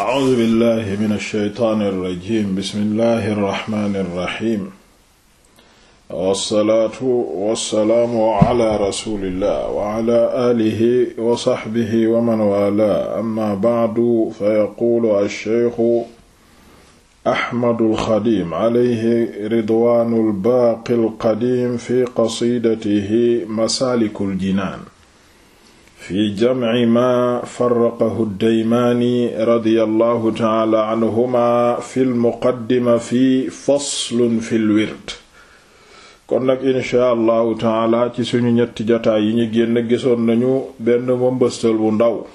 A'uuzu billahi mina shaytaani rajiim bismillahi rahmaani rahiim. Wassalaatu wassalaamu ala rasuulillah wa ala aalihi wa sahbihi wa man waalaahu amma ba'du fa yaquulu ash-shaykhu Ahmadul Xadiim alayhi ridwaanul baaqil qadiim fi qasiidatihi Masaalikul Jinaan. fi jamci ma faraqahu daymaani anhuma fi lmuqaddima fi faslun fi lwird kon nag inshaa ci suñu ñetti jataay yi ñu génn gisoon nañu benn mbëmbëstal bu ndaw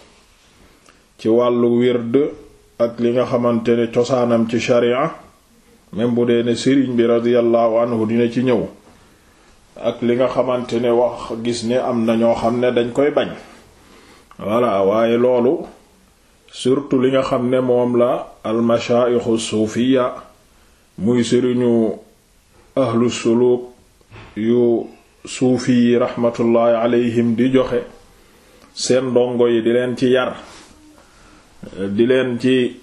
ci wàllu wird ak li nga xamante ne cosaanam ci sharia même bu dee ne sëriñ bi radiyallahu anhu dina ci ñëw ak li nga xamante ne wax gis ne am na ñoo xam ne dañ koy bañ voilà waaye loolu surtout li nga xam ne moom la almashaayixu suufiya muy sëriñu ahlu suluuk yu suufi yi raxmatullaahi aleyhim di joxe seen ndongo yi di leen ci yar di leen ci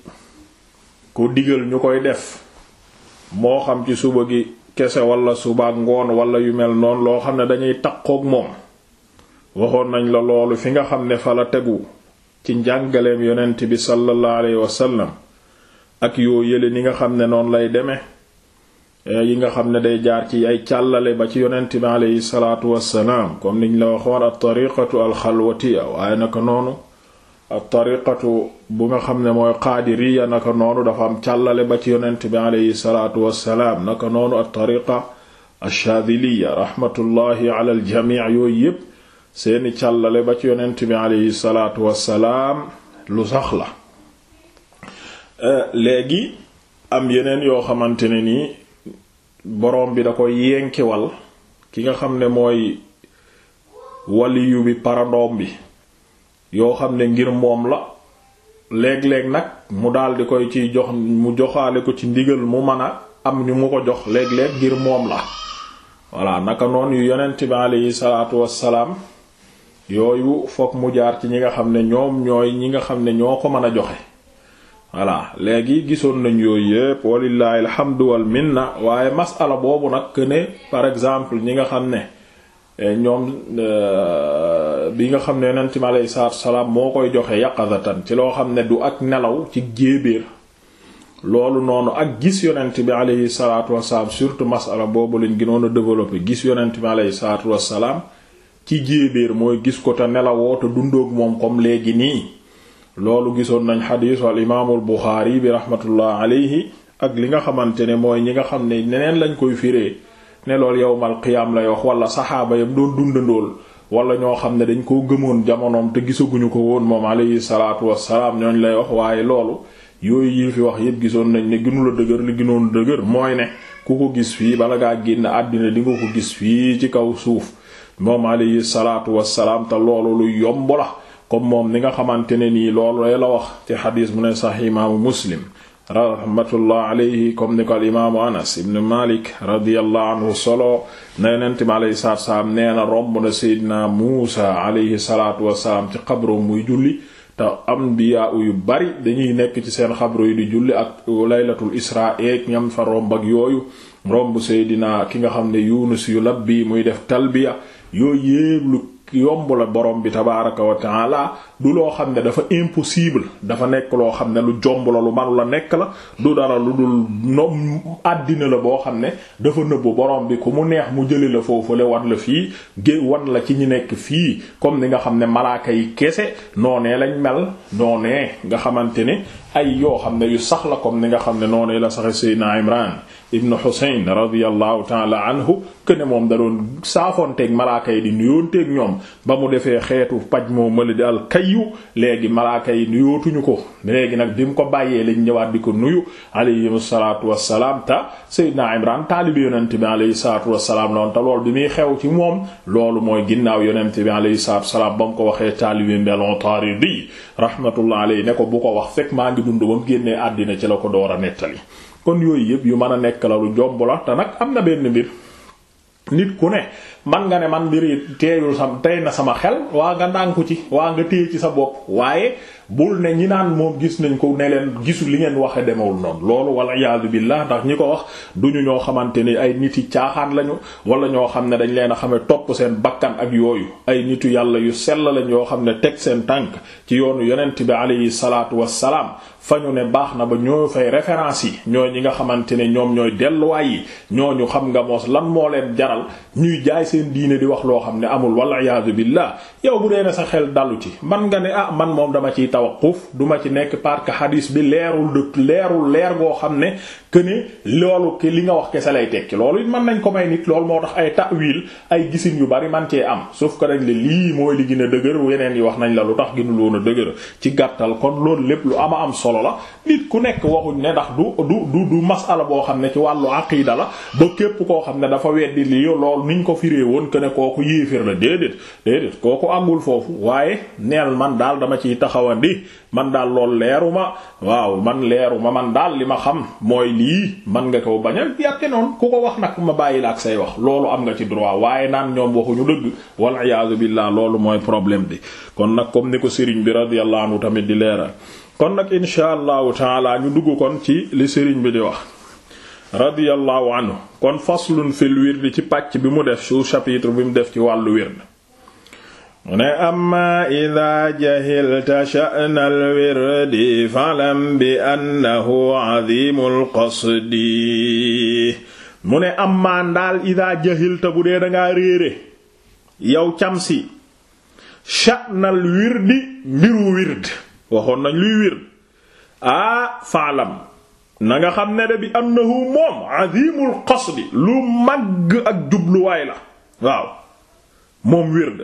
ko digal ñu koy def moo xam ci suba gi kese wala suba ak ngoon wala yu mel noon loo xam ne dañuy takkook moom waxoon nañ la loolu fi nga xam ne fala tegu ci njàngaleem yonent bi sallallahu alayhi wasallam ak yoo yële ni nga xam ne noonu lay deme eh, yi nga xam ne day jaar ci ay càllale ba ci yonent bi aleyhi salaatu wassalaam comme niñ la waxoon at tariqatu alxalwatiya waaye naka noonu at tariqatu bu nga xam ne mooy qaadiriya naka noonu dafa am càllale ba ci yonent bi aleyhi salaatu wassalaam noonu at tariqa alshadiliya rahmatullahi yooyu yépp seeni càllale ba ci yonent bi aleyhi salaatu wassalaam lu sax la euh, léegi am yeneen yoo xamante ne ni boroom bi da ko yenkewal ki nga xam ne mooy waliyu bi parandoom bi yoo xam ne ngir moom la léeg-léeg nag mu daldi koy ci jox mu joxaale ko ci ndigal mu mana am ñu mu ko jox léeg-léeg ngir moom la voilà naka noonu yu yonent bi aleyhi salaatu wassalaam yooyu fokk mu jaar ci ñi nga xam ne ñoom ñooy ñi nga xam ne ñoo ko mën a joxe voilà léegi gisoon nañ yooyu yépp walillahi alhamdu wal minna waaye masala boobu nag ne par exemple ñi nga xam ne eh, ñoom euh, bi nga xam ne yonent mi alayhi salaatu salaam moo koy joxe yaqazatan ci loo xam ne du ak nelaw ci jéebéer loolu noonu ak gis yonent bi alayhi salaatu wasalaam surtout masala boobu lañ ginoon a développé gis yonent bi alayhi salaatu wasalaam ci jéebéer mooy gis ko te nelawoo te dundoog moom comme léegi nii loolu gisoon nañ xadiisu al imaamul buxaari bi raxmatullah alayhi ak li nga xamante ne mooy ñi nga xam ne neneen lañ koy fiire ne lool yowmal qiyaam lay wax wala saxaaba yam doon dundandool wala ñoo xam ne dañ ko gëmoon jamonoom te gisaguñu ko woon moom alayhi salaatu wassalaam ñooñ lay wax waaye loolu yooyu yi fi wax yépp gisoon nañ ne ginu la dëgër li ginoon dëgër mooy ne ku ko gis fii bala génn àddina di ko gis fii ci kaw suuf moom alayhi salaatu salaam ta loolu lu yomb la moom ni nga xamante ne nii loolu la wax ci xadiis mu ne sax imaamu muslim rahmatullah alayhi comme ni ko al imaamu anas ibn malik radiyallahu anhu solo na yonent bi alayhi nee na romb na seydina muusa alayhi salaatu wassalaam ci xabroom muy julli te ambiya yu bari dañuy nekk ci seen xabro yi di julli ak laylatul isra eeg ñam fa romb ak yooyu romb seydina ki nga xam ne yunus yu labbi muy def talbiya yooyu yépp lu yomb la borom bi tabaaraka wa taala du loo xam ne dafa impossible dafa nekk loo xam ne lu jomb la lu man la nekk la du dara lu dul noom àddina la boo xam ne dafa nëbbu borom bi ku mu neex mu jëli la foofule wan la fii gé wan la ci ñi nekk fii comme ni nga xam ne malaaka yi kese noonee lañ mel noonee nga xamante ne ay yoo xam ne yu sax la kom ni nga xam ne noonu la saxe Seydina Imran ibn Husayn radiyallahu taala anhu këne moom da doon saafoonteeg malaaka yi di nuyoonteeg ñoom ba mu defee xeetu paj moo ma di daal kayyu léegi malaaka yi nuyootuñu ko léegi nag bi mu ko bàyyee lañ ñëwaat di ko nuyu alayhi salaatu wassalaam ta Seydina Imran taalibi yonent bi alayhi salaatu wassalaam loonu te xew ci moom loolu mooy ginnaaw yonent bi alayhi salaatu wassalaam ba mu ko waxee taalibi mbelon Taaridi rahmatullah alayhi ne ko bu ko wax fekk maa ngi di dund ba mu génnee àddina ci la ko door a nettali kon yooyu yëpp yu mën a nekk la lu jomb la te nag am na benn mbir nit ku ne man nga ne man mbir yi teeyul sam tey na sama xel waa nga ndànku ci waa nga téye ci sa bopp waaye bul ne ñi naan moom gis nañ ko ne leen gisu li ngeen waxe demewul noonu loolu wala iyaadu billah ndax ñi ko wax duñu ñoo xamante ni ay nit yi caaxaan lañu wala ñoo xam ne dañ leen a xame topp seen bakkan ak yooyu ay nitu yàlla yu sell lañ yoo xam ne teg seen tànk ci yoonu yonent bi alayhi salaatu wassalaam fa ñu ne baax na ba ñoo fay référence yi ñooy ñi nga xamante ne ñoom ñooy delluwaay yi ñooñu xam nga moos lan moo leen jaral ñuy jaay seen diine di wax loo xam ne amul wala iyaadu billah yow bu dee ne sa xel dalu ci man nga ne ah man moom dama ciy taw tawaquf du ma ci nekk parce que bi leerul dëkk leerul leer goo xam ne que ne loolu ki li nga wax kese lay tekki loolu it mën nañ ko may nit loolu moo tax ay ta'wil ay gisin yu bari man cee am sauf que dañ le lii mooy li gën a yi wax nañ la lu tax gënul woon a dëgër ci gàttal kon loolu lépp lu ama am solo la nit ku nekk waxuñ ne ndax du du du du masala boo xam ne ci wàllu aqida la ba képp koo xam ne dafa weddi li loolu niñ ko firee woon que ne kooku yéefér la déedéet déedéet kooku àggul foofu waaye neel man daal dama ciy taxawandi man daal lool leeru ma waaw man leeru ma man daal li ma xam mooy lii man nga ko bañ a yàtte ku ko wax nag ma bàyyi la ak say wax loolu am nga ci droit waaye naan ñoom waxuñu dëgg wal iyaazu billah loolu mooy problème bi kon nag comme ni ko sëriñ bi radiyallahu anhu tamit di leeral kon nag insha allahu taala ñu dugg kon ci li sëriñ bi di wax radiyallahu anhu kon faslun fil wird ci pàcc bi mu def sous chapitre bi mu def ci wàllu wird mu ne amma ida jahilta sha'na alwirdi falam bi annahu azimul qasdi bu dee dangaa réere yow camsi sha'nal wirdi mbiru wird waxoon nañ luy wird aa falam na xam ne bi annahu moom azimul qasdi lu màgg ak jubluwaay la waaw moom wird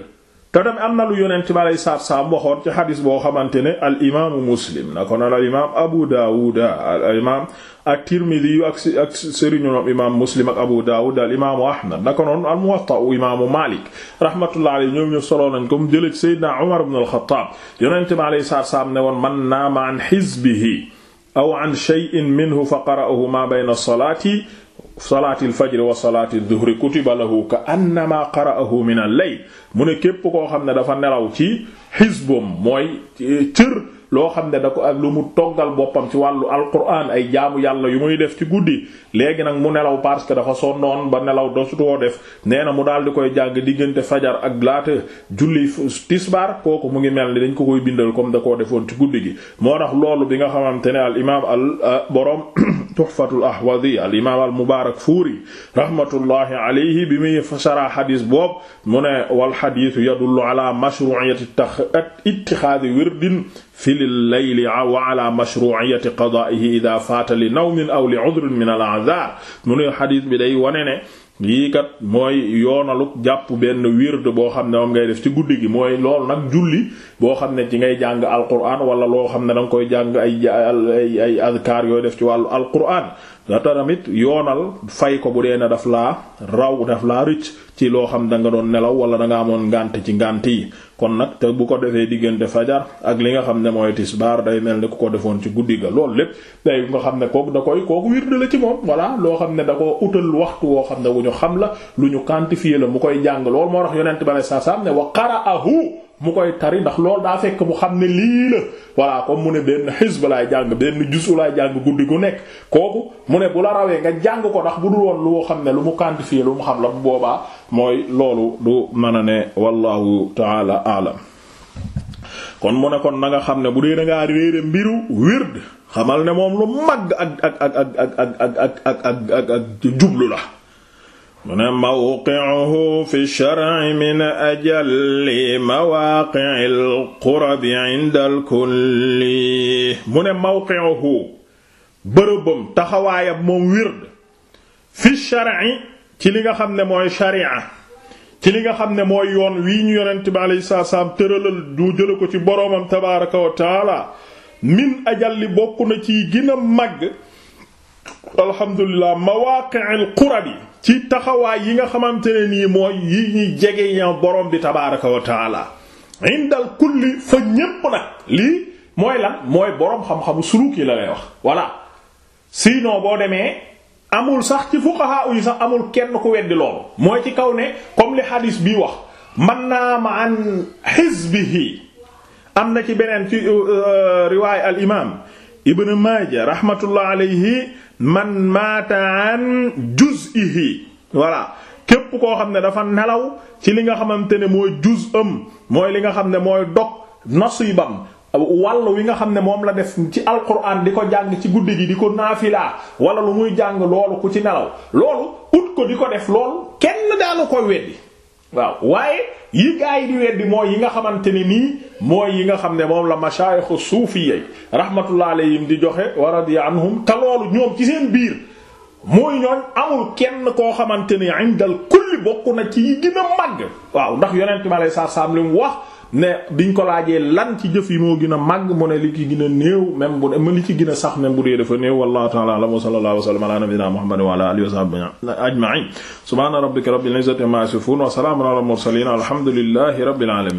te tamit am na lu yonent bi alayhi salaatu salaam waxoon ci xadis boo xamante ne al imaamu muslim na ko noonu al imaam abu daawud al imaam ak tirmidi yu ak ak sëriñu ñoom imaam muslim ak abu daawud al imaamu ahmad na ko noonu al muwatta imaamu malik rahmatullah alayhi ñoom ñu solo nañ ko mu jëlee ci sayyidina umar ibn al xattaab yonent bi alayhi salaatu salaam ne woon man naama an hizbihi aw an shay'in minhu fa qara'ahu ma bayna salaati salaatil fajri wa salaati duhri kutiba lahu ka annama qara'ahu min al-layl mu ne képp koo xam ne dafa nelaw ci xisbom mooy cër loo xam ne da ko ak lu mu toggal boppam ci wàllu alquran ay jaamu yàlla yu muy def ci guddi léegi nag mu nelaw parce que dafa sonnoon ba nelaw su dosutoo def nee na mu daal di koy jàgg diggante fajar ak laata julli tisbaar kooku mu ngi mel ni dañ ko koy bindal comme da koo defoon ci guddi gi moo tax loolu bi nga xamante ne al imaam euh, borom. tuhfatul ahwadi al imaam al mubaarak fuuri rahmatullahi alayhi bi muy sara xadis boobu mu ne wal xadiisu yadullu ala mashruu'iyyati ittixaadi wirdin fil layli wa ala mashruu'iyyati qadaa'ihi idaa faata li nawmin aw li udrin min al a'zaar mu ne xadis bi day wone ne lii kat mooy yoonalu jàpp benn wird boo xam ne moom ngay def ci guddi gi mooy loolu nag julli boo xam ne ci ngay jàng alquran wala loo xam ne danga koy jàng ay ay ay adkaar yooy def ci wàllu alquran da tamit yoonal fay ko bu dee na daf laa raw daf laa rëcc ci loo xam da nga doon nelaw wala danga amoon ngànt ci ngànt yi kon nag te bu ko defee diggante fajar ak li nga xam ne mooy tisbaar day mel ni ku ko defoon ci guddi ga loolu lépp day nga xam ne kooku da koy kooku wird la ci moom voilà loo xam ne da ko utal waxtu woo xam ne wu ñu xam la lu ñu quantifier la mu koy jàng loolu moo tax yonent ba ne saa saam ne wa qara'ahu mu koy tari ndax lool daa fekk mu xam ne lii la voilà comme mu ne benn xisb laay jàng benn jusu laay jàng guddi gu nekk kooku mu ne bu la rawee nga jàng ko ndax bu dul woon lu xam ne lu mu quantifié lu mu xam la bu boobaa mooy loolu du mën a ne wallahu taala alam kon mu ne kon na nga xam ne bu dee da ngaa mbiru wird xamal ne moom lu mag ak ak ak ak ak ak ak ak ak ak jublu la mu ne mawqi'uhu fi shar'i min ajalli mawaaqi'il qurabi 'inda al-kulli mu ne mawqi'uhu bërëbam taxawaayam moom wird fi shar'i ci li nga xam ne mooy sharia ci li nga xam ne mooy yoon wii ñu yonent bi alayhi salaam tëralal du jële ko ci boroomam tabaaraka wa taala min ajalli bokk na ci gën a màgg alhamdulilah mawaaqi'il qurabi ci taxawaay yi nga xamante ne nii mooy yi ñuy jege ña borom bi tabaaraka wa taala indal mooy lan mooy borom xam-xamu suluuk sinon boo demee amul sax ci fuqaha yi sax amul kenn ku weddi loolu mooy ci kaw ne comme li hadis bii wax man naa ma an am na ci beneen ci euh, euh, riwaay al Ibn Maaja rahmatullah alayhi man maata an juz'ihi voilà képp koo xam ne dafa nelaw ci li nga xamante ne mooy juz'am mooy li nga xam ne mooy dog nasibam wàll wi nga xam ne moom la def ci alquran di ko jàng ci guddi gi di ko naafilaa wala lu muy jàng loolu ku ci nelaw loolu ut ko di ko def loolu kenn daanu koy weddi waaw waaye yi gaa yi di weddi mooy yi nga xamante ne nii mooy yi nga xam ne moom la mashayikhu suufiyyi rahmatullah alayhim di joxe wa radiya anhum te loolu ñoom ci seen biir mooy ñooñ amul kenn koo xamante ni indal kulli bokk na ci yi gën a waaw ndax yonent mi alayhi salaam li mu wax ne biñ ko laajee lan ci jëf yi moo gën a mu ne li ci gën a néew même bu dee li ci gën sax même bu dee dafa néew wallahu ta'ala a'lam wa sallallahu wa sallam ala nabiyyina muhammadin wa ala alihi wa sahbihi ajma'in subhana rabbika rabbil izzati amma yasifun wa salamun ala al mursalin alhamdulillahi